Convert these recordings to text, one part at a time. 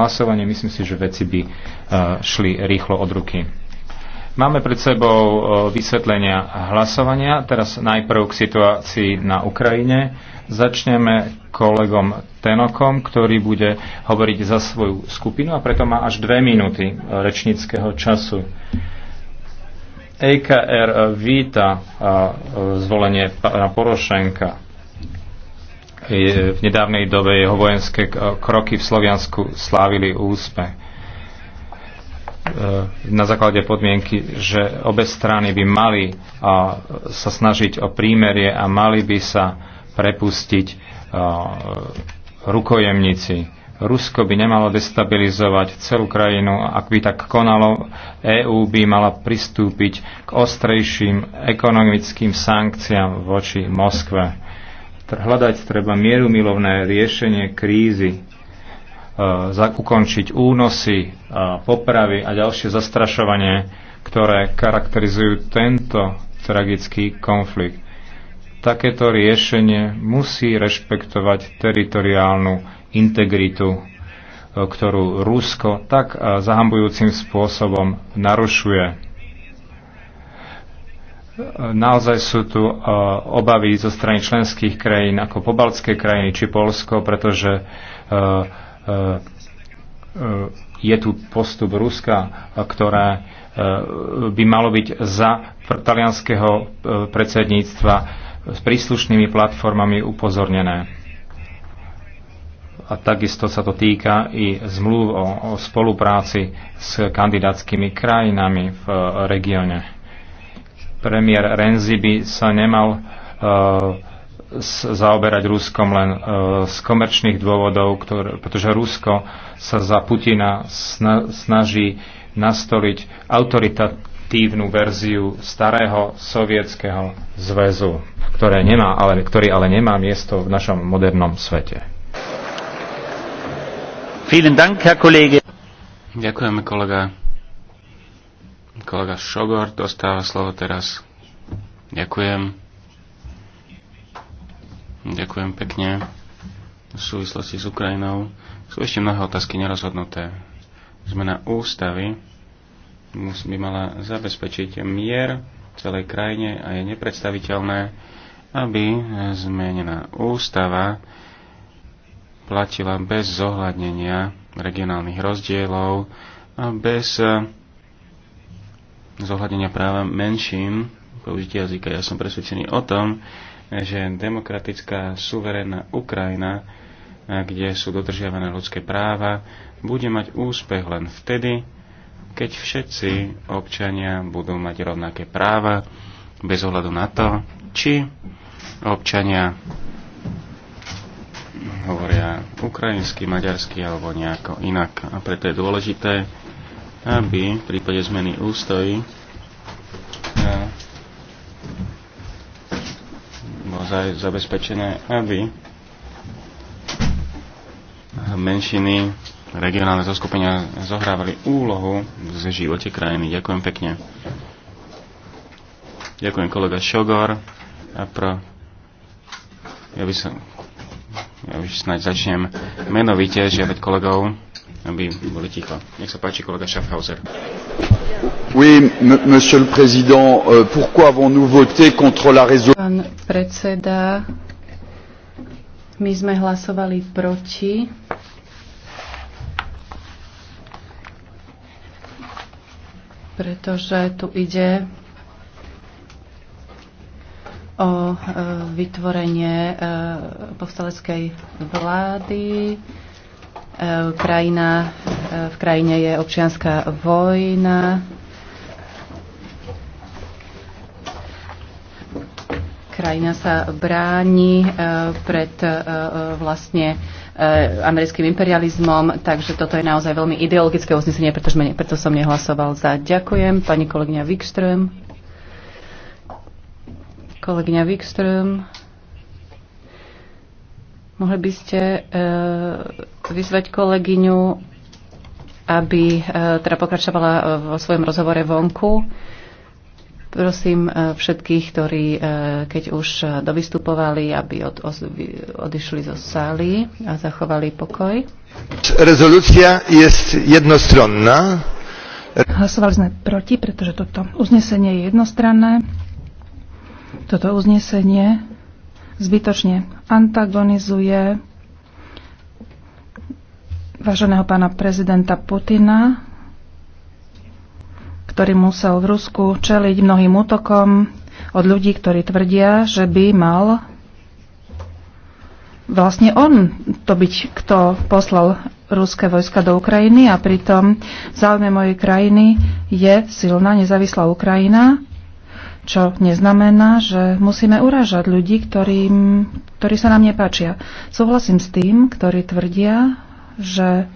hlasovanie. Myslím si, že veci by e, šli rýchlo od ruky. Máme pred sebou e, vysvetlenia hlasovania. Teraz najprv k situácii na Ukrajine. Začneme kolegom Tenokom, ktorý bude hovoriť za svoju skupinu a preto má až dve minúty e, rečníckého času. EKR víta zvolenie pána Porošenka v nedávnej dobe jeho vojenské kroky v Sloviansku slávili úspech e, na základe podmienky, že obe strany by mali sa snažiť o prímerie a mali by sa prepustiť rukojemníci. Rusko by nemalo destabilizovať celú krajinu. Ak by tak konalo, EÚ by mala pristúpiť k ostrejším ekonomickým sankciám voči Moskve hľadať treba mierumilovné riešenie krízy, e, ukončiť únosy, popravy a ďalšie zastrašovanie, ktoré charakterizujú tento tragický konflikt. Takéto riešenie musí rešpektovať teritoriálnu integritu, e, ktorú Rusko tak zahambujúcim spôsobom narušuje. Naozaj sú tu eh, obavy zo strany členských krajín ako pobaltské krajiny či Polsko, pretože eh, eh, je tu postup Ruska, ktoré by malo byť za talianského predsedníctva s príslušnými platformami upozornené. A takisto sa to týka i zmluv o, o spolupráci s kandidátskými krajinami v regióne. Premiér Renzi by sa nemal e, zaoberať Ruskom len e, z komerčných dôvodov, ktoré, pretože Rusko sa za Putina snaží nastoliť autoritatívnu verziu starého sovietského zväzu, ktoré nemá, ale, ktorý ale nemá miesto v našom modernom svete. Ďakujeme, kolega. Kolega Šogor dostáva slovo teraz. Ďakujem. Ďakujem pekne. V súvislosti s Ukrajinou sú ešte mnohé otázky nerozhodnuté. Zmena ústavy by mala zabezpečiť mier v celej krajine a je nepredstaviteľné, aby zmenená ústava platila bez zohľadnenia regionálnych rozdielov a bez zohľadenia práva menšín použitia jazyka. Ja som presvedčený o tom, že demokratická suverénna Ukrajina, eh, kde sú dodržiavané ľudské práva, bude mať úspech len vtedy, keď všetci občania budú mať rovnaké práva, bez ohľadu na to, či občania hovoria ukrajinsky, maďarsky alebo nejako inak. A preto je dôležité aby v prípade zmeny ústojí e, bolo zabezpečené, aby menšiny regionálne zoskupenia zohrávali úlohu v živote krajiny. Ďakujem pekne. Ďakujem kolega Šogor. A pro... Ja by som... Ja už snáď začnem menovite žiadať kolegov aby boli ticho. Nech sa páči, kolega Schaffhauser. Oui, monsieur le président, euh, pourquoi avons-nous voté contre la résolution? Pán predseda, my sme hlasovali proti pretože tu ide o e, vytvorenie e, povstaleckej vlády, E, krajina, e, v krajine je občianská vojna. Krajina sa bráni e, pred vlastne americkým imperializmom, takže toto je naozaj veľmi ideologické uznesenie, pretože preto som nehlasoval za. Ďakujem, pani kolegyňa Wikström. Kolegyňa Wikström. Mohli by ste eh, vyzvať kolegyňu, aby eh, teda pokračovala eh, vo svojom rozhovore vonku. Prosím všetkých, ktorí keď už dovystupovali, aby od, odišli zo sály a zachovali pokoj. Rezolúcia je jednostranná. Hlasovali sme proti, pretože toto uznesenie je jednostranné. Toto uznesenie zbytočne antagonizuje váženého pána prezidenta Putina, ktorý musel v Rusku čeliť mnohým útokom od ľudí, ktorí tvrdia, že by mal vlastne on to byť, kto poslal ruské vojska do Ukrajiny a pritom v záujme mojej krajiny je silná nezávislá Ukrajina čo neznamená, že musíme uražať ľudí, ktorým, ktorí sa nám nepáčia. Súhlasím s tým, ktorí tvrdia, že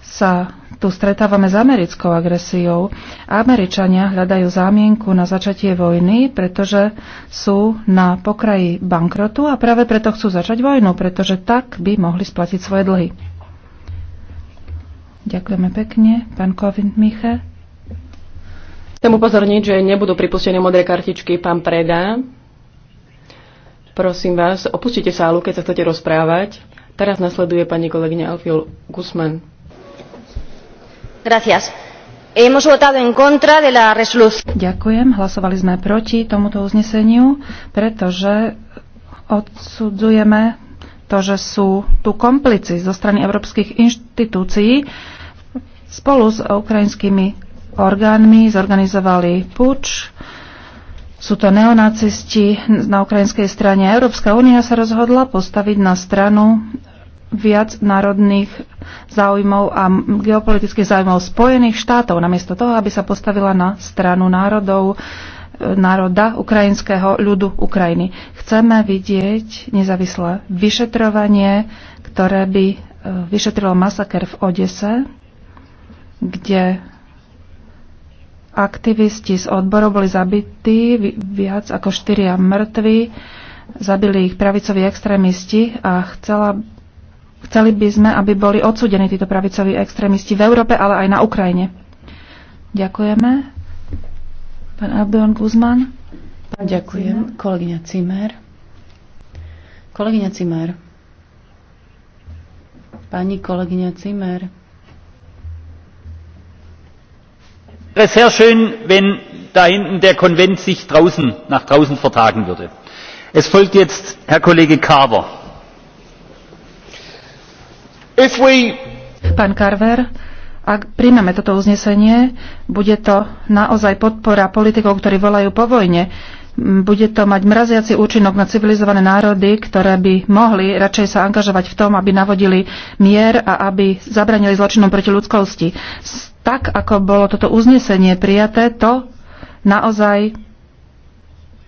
sa tu stretávame s americkou agresiou. Američania hľadajú zámienku na začatie vojny, pretože sú na pokraji bankrotu a práve preto chcú začať vojnu, pretože tak by mohli splatiť svoje dlhy. Ďakujeme pekne, pán Kovin Miche. Chcem upozorniť, že nebudú pripustené modré kartičky pán Preda. Prosím vás, opustite sálu, keď sa chcete rozprávať. Teraz nasleduje pani kolegyňa Alfiel Guzman. Gracias. Hemos votado en contra de la resolución. Ďakujem. Hlasovali sme proti tomuto uzneseniu, pretože odsudzujeme to, že sú tu komplici zo strany európskych inštitúcií spolu s ukrajinskými orgánmi, zorganizovali puč. Sú to neonacisti na ukrajinskej strane. Európska únia sa rozhodla postaviť na stranu viac národných záujmov a geopolitických záujmov Spojených štátov, namiesto toho, aby sa postavila na stranu národov, národa ukrajinského ľudu Ukrajiny. Chceme vidieť nezávislé vyšetrovanie, ktoré by e, vyšetrilo masaker v Odese, kde Aktivisti z odborov boli zabití, viac ako štyria mŕtvi, zabili ich pravicoví extrémisti a chcela, chceli by sme, aby boli odsudení títo pravicoví extrémisti v Európe, ale aj na Ukrajine. Ďakujeme. Pán Abdon Guzman. Pán Ďakujem. Cimer. Kolegyňa Cimer. Kolegyňa Cimer. Pani kolegyňa Cimer. wäre sehr schön wenn da hinten der konvent sich nach draußen vertagen würde. es folgt jetzt herr kollege carver. Pán Carver, ak príjmeme toto uznesenie, bude to naozaj podpora politikov, ktorí volajú po vojne. Bude to mať mraziaci účinok na civilizované národy, ktoré by mohli radšej sa angažovať v tom, aby navodili mier a aby zabranili zločinom proti ľudskosti tak, ako bolo toto uznesenie prijaté, to naozaj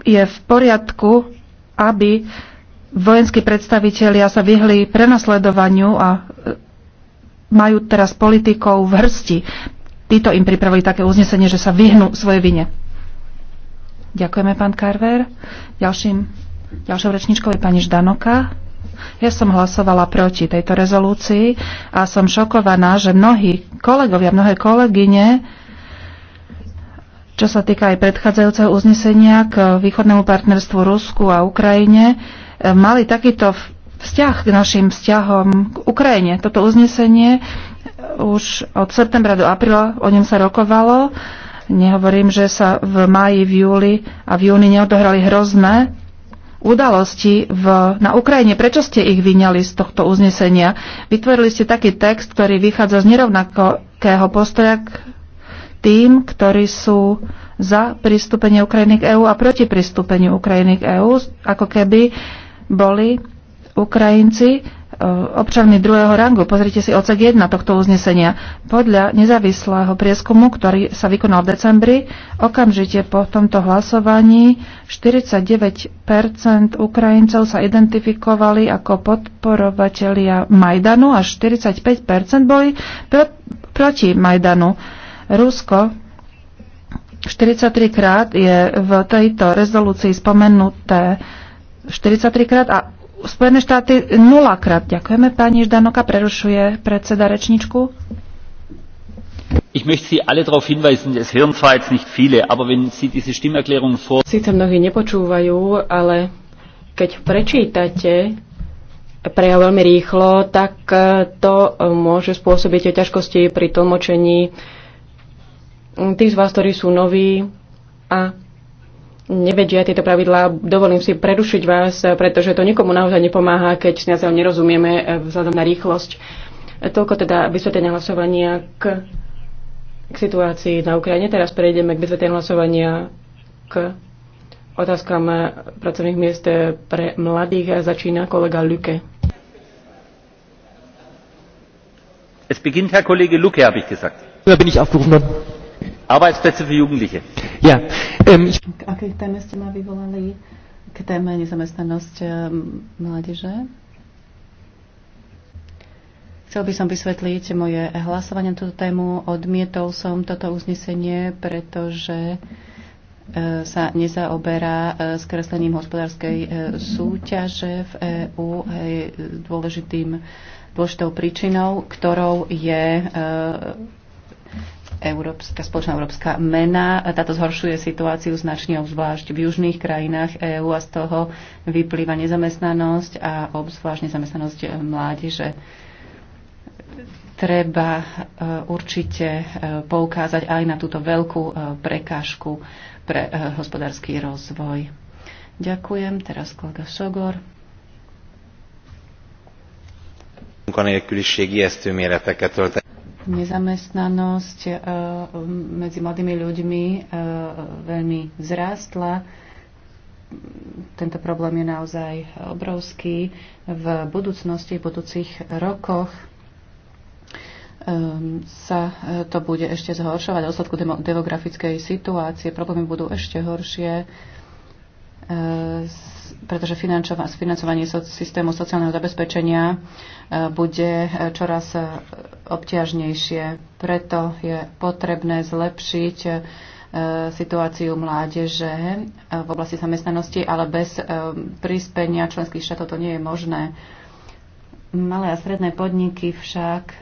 je v poriadku, aby vojenskí predstavitelia sa vyhli prenasledovaniu a e, majú teraz politikov v hrsti. Títo im pripravili také uznesenie, že sa vyhnú svoje vine. Ďakujeme, pán Carver. Ďalším, ďalšou rečničkou je pani Ždanoka. Ja som hlasovala proti tejto rezolúcii a som šokovaná, že mnohí kolegovia, mnohé kolegyne, čo sa týka aj predchádzajúceho uznesenia k východnému partnerstvu Rusku a Ukrajine, e, mali takýto vzťah k našim vzťahom k Ukrajine. Toto uznesenie e, už od septembra do apríla o ňom sa rokovalo. Nehovorím, že sa v máji, v júli a v júni neodohrali hrozné udalosti v, na Ukrajine. Prečo ste ich vyňali z tohto uznesenia? Vytvorili ste taký text, ktorý vychádza z nerovnakého postoja k tým, ktorí sú za pristúpenie Ukrajiny k EÚ a proti pristúpeniu Ukrajiny k EÚ, ako keby boli Ukrajinci Eh, občany druhého rangu. Pozrite si odsek 1 tohto uznesenia. Podľa nezávislého prieskumu, ktorý sa vykonal v decembri, okamžite po tomto hlasovaní 49 Ukrajincov sa identifikovali ako podporovatelia Majdanu a 45 boli pr- proti Majdanu. Rusko 43 krát je v tejto rezolúcii spomenuté 43 krát a Spojené štáty nulakrát. Ďakujeme pani Ždanoka, prerušuje predseda rečničku. Ich möchte Sie alle darauf hinweisen, es hören zwar jetzt nicht viele, aber wenn Sie diese Stimmerklärung vor... Sice mnohí nepočúvajú, ale keď prečítate prejav veľmi rýchlo, tak e, to e, môže spôsobiť ťažkosti pri tlmočení. tých z vás, ktorí sú noví a nevedia tieto pravidlá, dovolím si prerušiť vás, pretože to nikomu naozaj nepomáha, keď s nerozumieme eh, vzhľadom na rýchlosť. Toľko teda vysvetlenia hlasovania k, k situácii na Ukrajine. Teraz prejdeme k vysvetleniu hlasovania k otázkam eh, pracovných miest eh, pre mladých. Začína kolega Luke. Es beginnt Herr Kollege Luke, habe ich gesagt. Ja, bin ich aufgerufen worden. Arbeitsplätze für Jugendliche. Ja. Ähm, k akej téme ste ma vyvolali? K téme nezamestnanosť mládeže? Chcel by som vysvetliť moje hlasovanie na túto tému. Odmietol som toto uznesenie, pretože e, sa nezaoberá e, skreslením hospodárskej e, súťaže v EÚ dôležitým, dôležitou príčinou, ktorou je európska, spoločná európska mena. Táto zhoršuje situáciu značne obzvlášť v južných krajinách EÚ a z toho vyplýva nezamestnanosť a obzvlášť nezamestnanosť mládeže. Treba e, určite e, poukázať aj na túto veľkú e, prekážku pre hospodársky rozvoj. Ďakujem. Teraz kolega Sogor. munkanélküliség méreteket ölt Nezamestnanosť e, medzi mladými ľuďmi e, veľmi vzrástla. Tento problém je naozaj obrovský. V budúcnosti, v budúcich rokoch e, sa to bude ešte zhoršovať v dôsledku demografickej situácie. Problémy budú ešte horšie E, pretože financovanie systému sociálneho zabezpečenia e, bude e, čoraz obťažnejšie. Preto je potrebné zlepšiť situáciu mládeže v oblasti zamestnanosti, ale bez prispenia členských štátov to nie je možné. Malé a stredné podniky však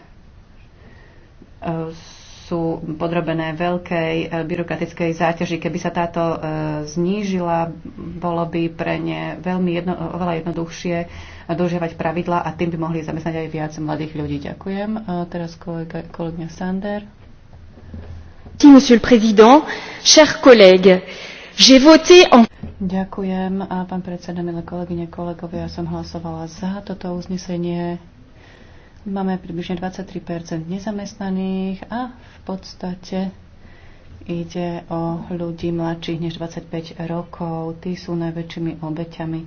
sú podrobené veľkej eh, byrokratickej záťaži. Keby sa táto eh, znížila, bolo by pre ne veľmi jedno, oveľa jednoduchšie dožiavať pravidla a tým by mohli zamestnať aj viac mladých ľudí. Ďakujem. Eh, teraz kolega, kolega Sander. Ďakujem, a pán predseda, milé kolegyne, kolegovia, ja som hlasovala za toto uznesenie Máme približne 23 nezamestnaných a v podstate ide o ľudí mladších než 25 rokov. Tí sú najväčšími obeťami.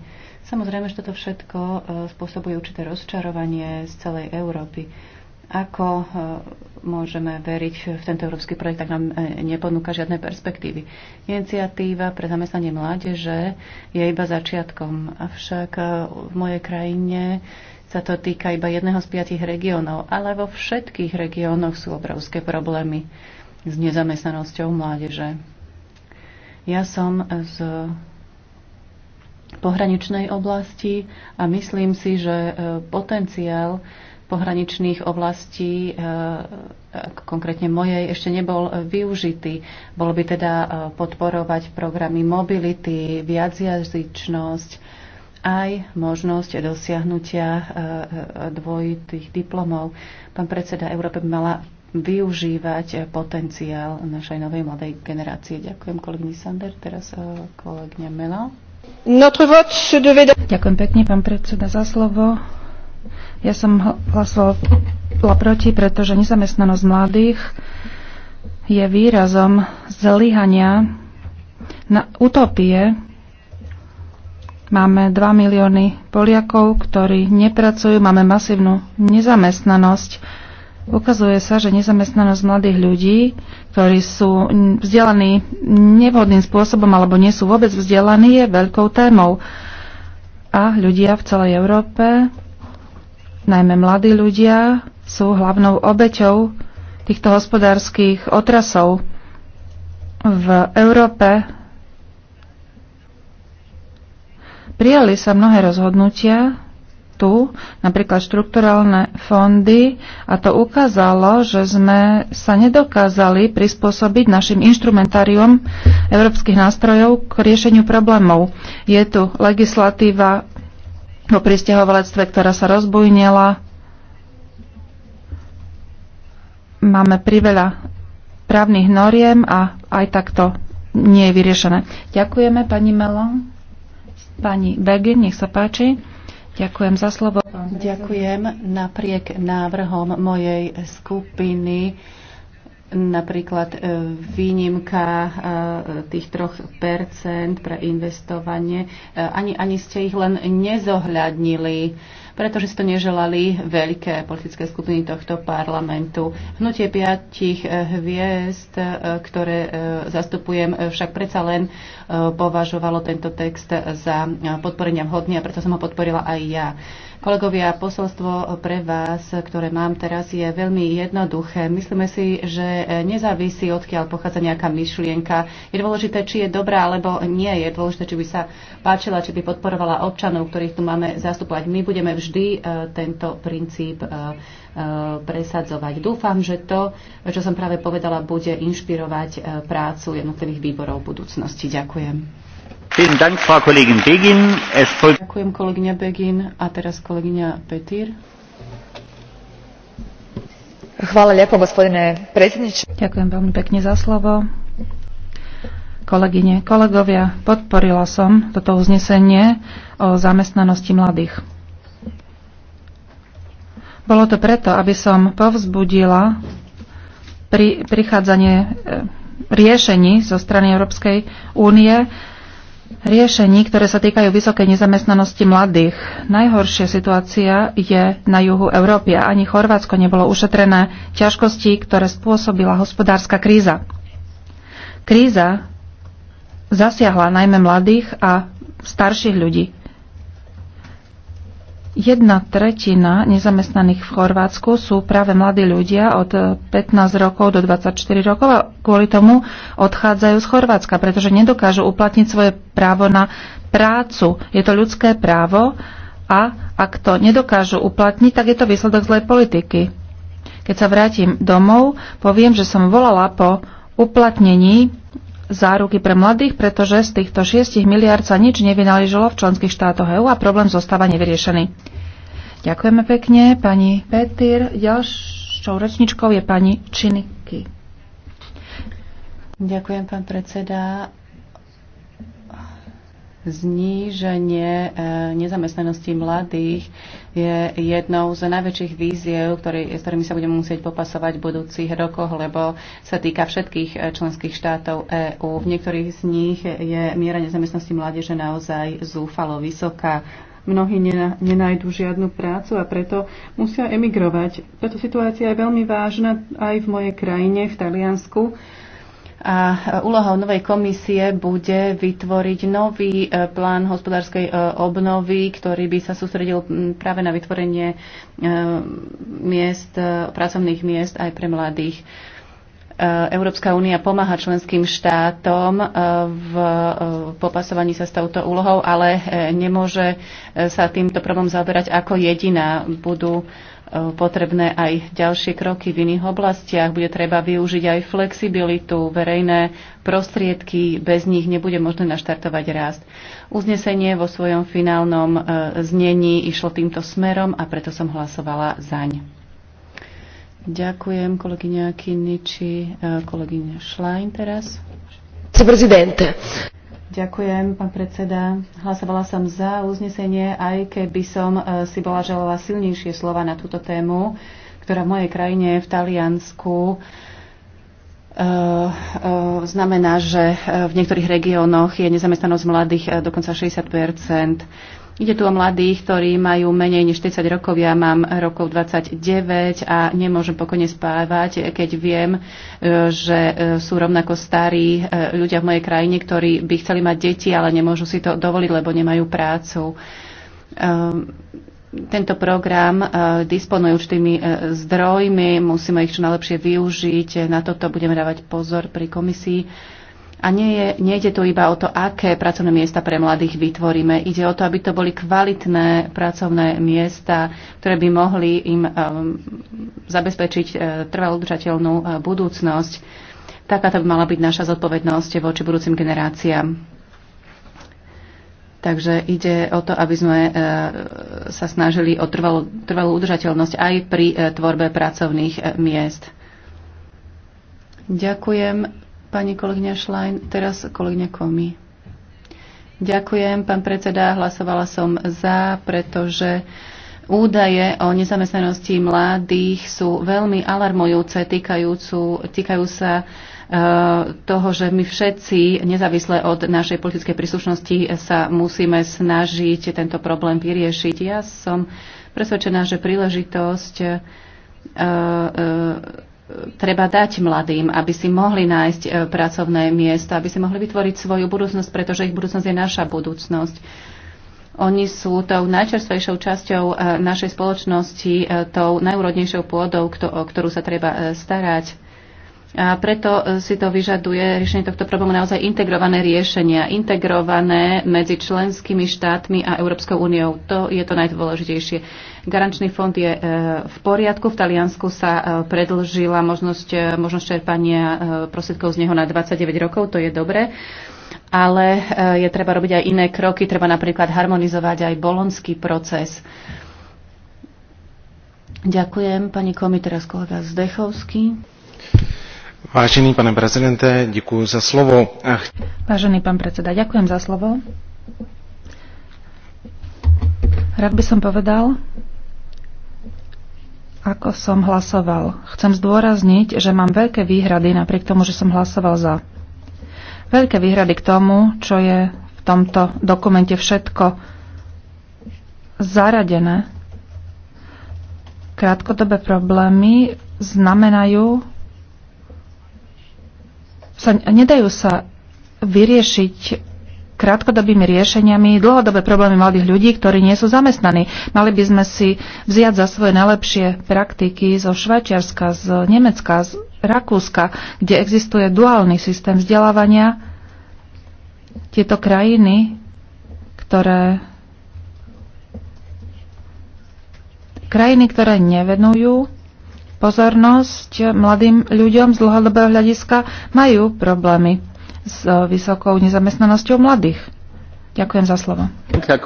Samozrejme, že toto všetko e, spôsobuje určité rozčarovanie z celej Európy. Ako e, môžeme veriť v tento európsky projekt, tak nám e, neponúka žiadne perspektívy. Iniciatíva pre zamestnanie mládeže je iba začiatkom, avšak e, v mojej krajine sa to týka iba jedného z piatich regiónov, ale vo všetkých regiónoch sú obrovské problémy s nezamestnanosťou mládeže. Ja som z pohraničnej oblasti a myslím si, že potenciál pohraničných oblastí, e, konkrétne mojej, ešte nebol využitý. Bolo by teda e, podporovať programy mobility, viacjazyčnosť, aj možnosť dosiahnutia e, dvojitých diplomov. Pán predseda, Európa by mala využívať potenciál našej novej mladej generácie. Ďakujem kolegyni Sander, teraz kolegyňa Mela. Ďakujem pekne, pán predseda, za slovo. Ja som hlasovala proti, pretože nezamestnanosť mladých je výrazom zlyhania na utopie. Máme 2 milióny Poliakov, ktorí nepracujú, máme masívnu nezamestnanosť. Ukazuje sa, že nezamestnanosť mladých ľudí, ktorí sú vzdelaní nevhodným spôsobom alebo nie sú vôbec vzdelaní, je veľkou témou. A ľudia v celej Európe Najmä mladí ľudia sú hlavnou obeťou týchto hospodárskych otrasov. V Európe prijali sa mnohé rozhodnutia, tu, napríklad štrukturálne fondy, a to ukázalo, že sme sa nedokázali prispôsobiť našim inštrumentáriom európskych nástrojov k riešeniu problémov. Je tu legislatíva o pristahovalectve, ktorá sa rozbujnila. Máme priveľa právnych noriem a aj takto nie je vyriešené. Ďakujeme pani Melon, pani Begin, nech sa páči. Ďakujem za slovo. Ďakujem. Napriek návrhom mojej skupiny napríklad e, výnimka e, tých 3% pre investovanie, e, ani, ani ste ich len nezohľadnili, pretože si to neželali veľké politické skupiny tohto parlamentu. Hnutie piatich hviezd, ktoré zastupujem, však predsa len považovalo tento text za podporenia vhodný a preto som ho podporila aj ja. Kolegovia, posolstvo pre vás, ktoré mám teraz, je veľmi jednoduché. Myslíme si, že nezávisí, odkiaľ pochádza nejaká myšlienka. Je dôležité, či je dobrá alebo nie. Je dôležité, či by sa páčila, či by podporovala občanov, ktorých tu máme zastupovať. My budeme vždy e, tento princíp e, e, presadzovať. Dúfam, že to, čo som práve povedala, bude inšpirovať prácu jednotlivých výborov v budúcnosti. Ďakujem. Ďakujem kolegyňa Begin a teraz kolegyňa Petír. Hvala lepo, gospodine predsjedniče. Ďakujem veľmi pekne za slovo. Kolegyne, kolegovia, podporila som toto uznesenie o zamestnanosti mladých. Bolo to preto, aby som povzbudila pri, prichádzanie e, riešení zo strany Európskej únie riešení, ktoré sa týkajú vysokej nezamestnanosti mladých. Najhoršia situácia je na juhu Európy a ani Chorvátsko nebolo ušetrené ťažkosti, ktoré spôsobila hospodárska kríza. Kríza zasiahla najmä mladých a starších ľudí. Jedna tretina nezamestnaných v Chorvátsku sú práve mladí ľudia od 15 eh, rokov do 24 rokov a kvôli tomu odchádzajú z Chorvátska, pretože nedokážu uplatniť svoje právo na prácu. Je to ľudské právo a ak to nedokážu uplatniť, tak je to výsledok zlej politiky. Keď sa vrátim domov, poviem, že som volala po uplatnení záruky pre mladých, pretože z týchto 6 miliard sa nič nevynaližilo v členských štátoch EÚ a problém zostáva nevyriešený. Ďakujeme pekne, pani Petýr. Ďalšou rečničkou je pani Činiky. Ďakujem, pán predseda. Zníženie e, nezamestnanosti mladých je jednou z najväčších víziev, ktorý, s ktorými sa budeme musieť popasovať v budúcich rokoch, lebo sa týka všetkých e, členských štátov EÚ. V niektorých z nich je miera nezamestnanosti mládeže naozaj zúfalo vysoká mnohí nenajdú žiadnu prácu a preto musia emigrovať. Preto situácia je veľmi vážna aj v mojej krajine, v Taliansku. A úlohou novej komisie bude vytvoriť nový e, plán hospodárskej e, obnovy, ktorý by sa sústredil práve na vytvorenie e, miest, pracovných miest aj pre mladých. Európska únia pomáha členským štátom v popasovaní sa s touto úlohou, ale nemôže sa týmto problémom zaoberať ako jediná. Budú potrebné aj ďalšie kroky v iných oblastiach. Bude treba využiť aj flexibilitu, verejné prostriedky, bez nich nebude možné naštartovať rast. Uznesenie vo svojom finálnom e, znení išlo týmto smerom a preto som hlasovala zaň. Ďakujem kolegyňa Kiniči, e, kolegyňa Schlein teraz. Prezidente. Ďakujem, pán predseda. Hlasovala som za uznesenie, aj keby som e, si bola želala silnejšie slova na túto tému, ktorá v mojej krajine, v Taliansku, E, e, znamená, že e, v niektorých regiónoch je nezamestnanosť mladých dokonca 60 Ide tu o mladých, ktorí majú menej než 30 rokov. Ja mám rokov 29 a nemôžem pokojne spávať, keď viem, že sú rovnako starí ľudia v mojej krajine, ktorí by chceli mať deti, ale nemôžu si to dovoliť, lebo nemajú prácu ehm, tento program e, disponuje určitými e, zdrojmi, musíme ich čo najlepšie využiť, na toto budeme dávať pozor pri komisii. A nie je, nejde tu iba o to, aké pracovné miesta pre mladých vytvoríme. Ide o to, aby to boli kvalitné pracovné miesta, ktoré by mohli im um, zabezpečiť uh, udržateľnú uh, budúcnosť. Taká to by mala byť naša zodpovednosť voči budúcim generáciám. Takže ide o to, aby sme e, sa snažili o trvalú, trvalú udržateľnosť aj pri e, tvorbe pracovných e, miest. Ďakujem, pani kolegyňa Šlajn. Teraz kolegyňa Komi. Ďakujem, pán predseda. Hlasovala som za, pretože Údaje o nezamestnanosti mladých sú veľmi alarmujúce, týkajúcu, týkajú sa e, toho, že my všetci, nezávisle od našej politickej príslušnosti, sa musíme snažiť tento problém vyriešiť. Ja som presvedčená, že príležitosť e, e, treba dať mladým, aby si mohli nájsť pracovné miesto, aby si mohli vytvoriť svoju budúcnosť, pretože ich budúcnosť je naša budúcnosť oni sú tou najčerstvejšou časťou e, našej spoločnosti, e, tou najúrodnejšou pôdou, o ktorú sa treba e, starať. A preto si to vyžaduje riešenie tohto problému naozaj integrované riešenia, integrované medzi členskými štátmi a Európskou úniou. To je to najdôležitejšie. Garančný fond je v poriadku. V Taliansku sa predlžila možnosť, možnosť čerpania prostriedkov z neho na 29 rokov. To je dobré ale e, je treba robiť aj iné kroky, treba napríklad harmonizovať aj bolonský proces. Ďakujem, pani komi, teraz kolega Zdechovský. Vážený pane prezidente, ďakujem za slovo. Ach. Vážený pán predseda, ďakujem za slovo. Rád by som povedal, ako som hlasoval. Chcem zdôrazniť, že mám veľké výhrady napriek tomu, že som hlasoval za veľké výhrady k tomu, čo je v tomto dokumente všetko zaradené. Krátkodobé problémy znamenajú, sa, nedajú sa vyriešiť krátkodobými riešeniami dlhodobé problémy mladých ľudí, ktorí nie sú zamestnaní. Mali by sme si vziať za svoje najlepšie praktiky zo Švajčiarska, z Nemecka, z Rakúska, kde existuje duálny systém vzdelávania, tieto krajiny, ktoré krajiny, ktoré nevenujú pozornosť mladým ľuďom z dlhodobého hľadiska, majú problémy s vysokou nezamestnanosťou mladých. Ďakujem za slovo. Ďakujem,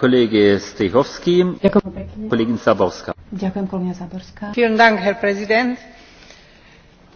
kolegyne Zaborská. Ďakujem, kolegyne Zaborská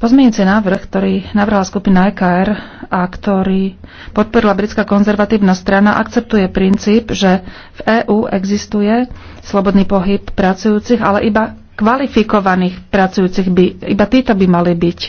Pozmienujúci návrh, ktorý navrhla skupina EKR a ktorý podporila britská konzervatívna strana, akceptuje princíp, že v EÚ existuje slobodný pohyb pracujúcich, ale iba kvalifikovaných pracujúcich by, iba títo by mali byť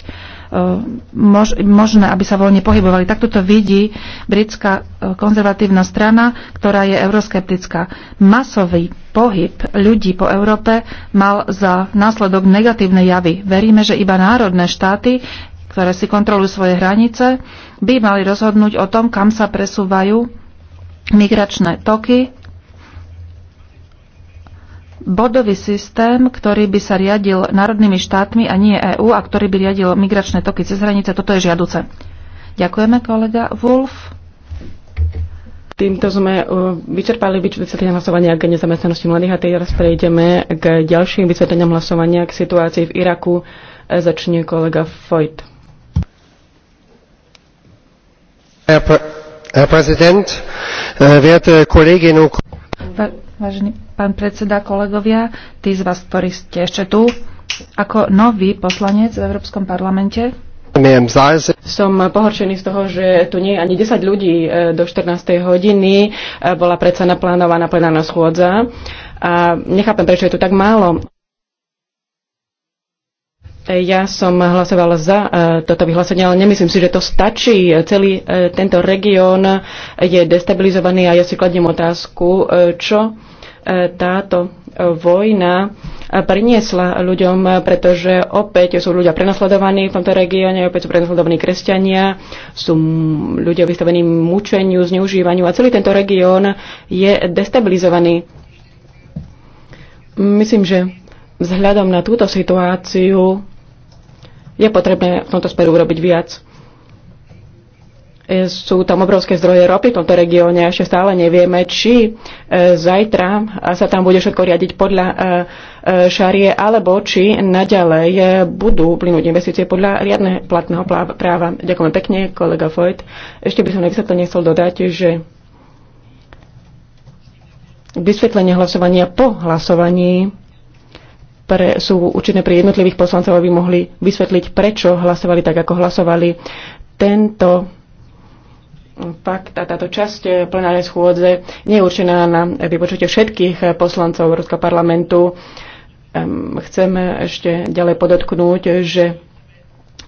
možné, aby sa voľne pohybovali. Takto to vidí britská e, konzervatívna strana, ktorá je euroskeptická. Masový pohyb ľudí po Európe mal za následok negatívne javy. Veríme, že iba národné štáty, ktoré si kontrolujú svoje hranice, by mali rozhodnúť o tom, kam sa presúvajú migračné toky bodový systém, ktorý by sa riadil národnými štátmi a nie EÚ a ktorý by riadil migračné toky cez hranice. Toto je žiaduce. Ďakujeme, kolega Wolf. Týmto sme uh, vyčerpali vysvetlenia hlasovania k nezamestnanosti mladých a teraz prejdeme k ďalším vysvetleniam hlasovania k situácii v Iraku. E, začne kolega Foyt. Herr Präsident, äh, werte Kolleginnen und Kollegen. Vážený pán predseda, kolegovia, tí z vás, ktorí ste ešte tu, ako nový poslanec v Európskom parlamente. Som pohoršený z toho, že tu nie je ani 10 ľudí e, do 14. hodiny. E, bola predsa naplánovaná plenárna schôdza. A nechápem, prečo je tu tak málo. E, ja som hlasovala za toto vyhlásenie, ale nemyslím si, že to stačí. Celý tento región je destabilizovaný a ja si kladnem otázku, čo táto vojna priniesla ľuďom, pretože opäť sú ľudia prenasledovaní v tomto regióne, opäť sú prenasledovaní kresťania, sú ľudia vystavení mučeniu, zneužívaniu a celý tento región je destabilizovaný. Myslím, že vzhľadom na túto situáciu je potrebné v tomto smeru urobiť viac. Sú tam obrovské zdroje ropy v tomto regióne a ešte stále nevieme, či e, zajtra sa tam bude všetko riadiť podľa e, e, šarie, alebo či naďalej budú plynúť investície podľa riadne platného práva. Ďakujem pekne, kolega Foyt. Ešte by som na to nechcel dodať, že vysvetlenie hlasovania po hlasovaní pre, sú určené pre jednotlivých poslancov, aby mohli vysvetliť, prečo hlasovali tak, ako hlasovali. Tento fakt a táto časť eh, plenárnej schôdze nie je určená na vypočutie všetkých eh, poslancov Európskeho parlamentu. Chceme ešte ďalej podotknúť, že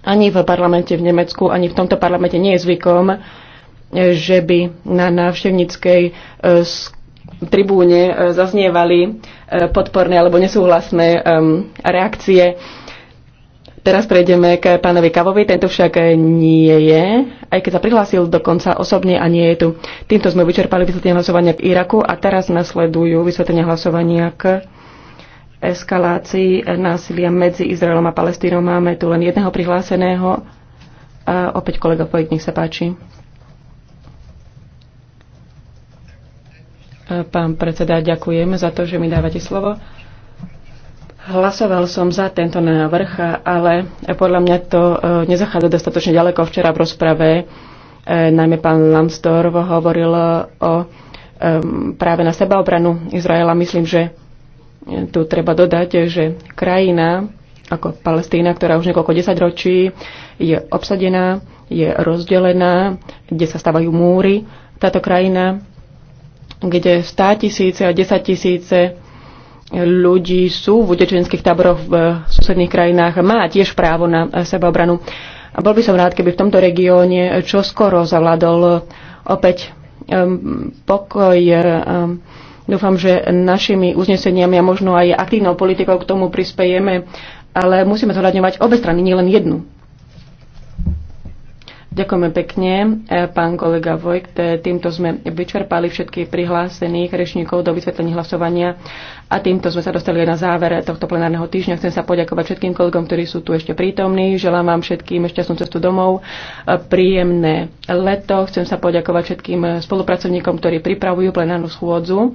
ani v parlamente v Nemecku, ani v tomto parlamente nie je zvykom, eh, že by na návštevníckej tribúne zaznievali podporné alebo nesúhlasné reakcie Teraz prejdeme k pánovi Kavovi, tento však nie je, aj keď sa prihlásil dokonca osobne a nie je tu. Týmto sme vyčerpali vysvetlenie hlasovania k Iraku a teraz nasledujú vysvetlenie hlasovania k eskalácii násilia medzi Izraelom a Palestínou. Máme tu len jedného prihláseného. A opäť kolega Pojk, nech sa páči. Pán predseda, ďakujem za to, že mi dávate slovo. Hlasoval som za tento návrh, ale podľa mňa to e, nezachádza dostatočne ďaleko. Včera v rozprave e, najmä pán Lansdorf hovoril o e, práve na sebaobranu Izraela. Myslím, že tu treba dodať, že krajina ako Palestína, ktorá už niekoľko desaťročí je obsadená, je rozdelená, kde sa stavajú múry. Táto krajina, kde stá tisíce a desať tisíce ľudí sú v utečenských táboroch eh, v susedných krajinách, má tiež právo na eh, sebaobranu. A bol by som rád, keby v tomto regióne eh, čoskoro zavládol opäť pokoj. Dúfam, že našimi uzneseniami a možno aj aktívnou politikou k tomu prispejeme, ale musíme zohľadňovať obe strany, nielen jednu. Ďakujeme pekne, e, pán kolega Vojk. Týmto sme vyčerpali všetkých prihlásených rečníkov do vysvetlení hlasovania a týmto sme sa dostali na záver tohto plenárneho týždňa. Chcem sa poďakovať všetkým kolegom, ktorí sú tu ešte prítomní. Želám vám všetkým šťastnú cestu domov, e, príjemné leto. Chcem sa poďakovať všetkým spolupracovníkom, ktorí pripravujú plenárnu schôdzu. E,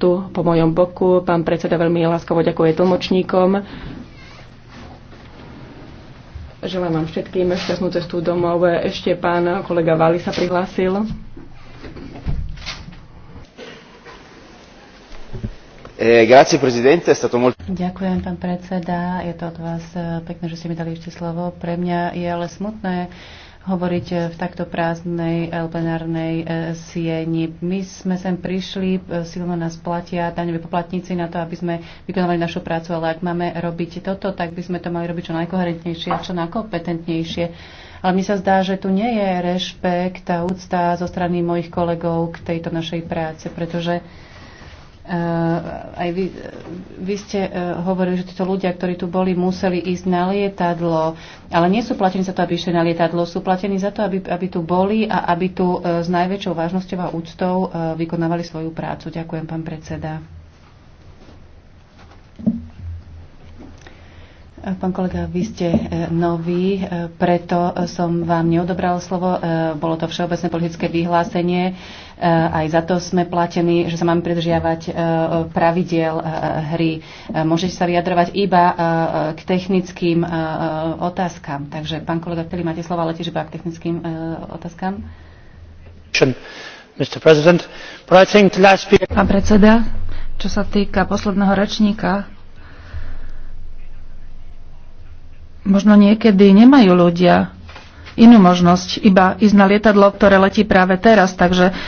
tu po mojom boku pán predseda veľmi láskavo ďakuje tlmočníkom Želám vám všetkým šťastnú cestu domov. Ešte pán kolega Vali sa prihlásil. Eh, Ďakujem, pán predseda. Je to od vás eh, pekné, že ste mi dali ešte slovo. Pre mňa je ale smutné, hovoriť e, v takto prázdnej e, plenárnej e, sieni. My sme sem prišli, silno nás platia daňoví poplatníci na to, aby sme vykonovali našu prácu, ale ak máme robiť toto, tak by sme to mali robiť čo najkoherentnejšie a čo najkompetentnejšie. Ale mi sa zdá, že tu nie je rešpekt a úcta zo strany mojich kolegov k tejto našej práce, pretože aj vy, vy ste e, hovorili, že títo ľudia, ktorí tu boli, museli ísť na lietadlo, ale nie sú platení za to, aby išli na lietadlo, sú platení za to, aby, aby tu boli a aby tu e, s najväčšou vážnosťou a úctou e, vykonávali svoju prácu. Ďakujem, pán predseda. Pán kolega, vy ste nový, preto som vám neodobral slovo. Bolo to všeobecné politické vyhlásenie Eh, aj za to sme platení, že sa máme pridržiavať eh, pravidiel eh, hry. Môžete sa vyjadrovať iba k technickým otázkam. Takže, pán kolega ktorý máte slova, ale tiež iba k technickým otázkam. Pán predseda, čo sa týka posledného rečníka, možno niekedy nemajú ľudia inú možnosť iba ísť na lietadlo, ktoré letí práve teraz. Takže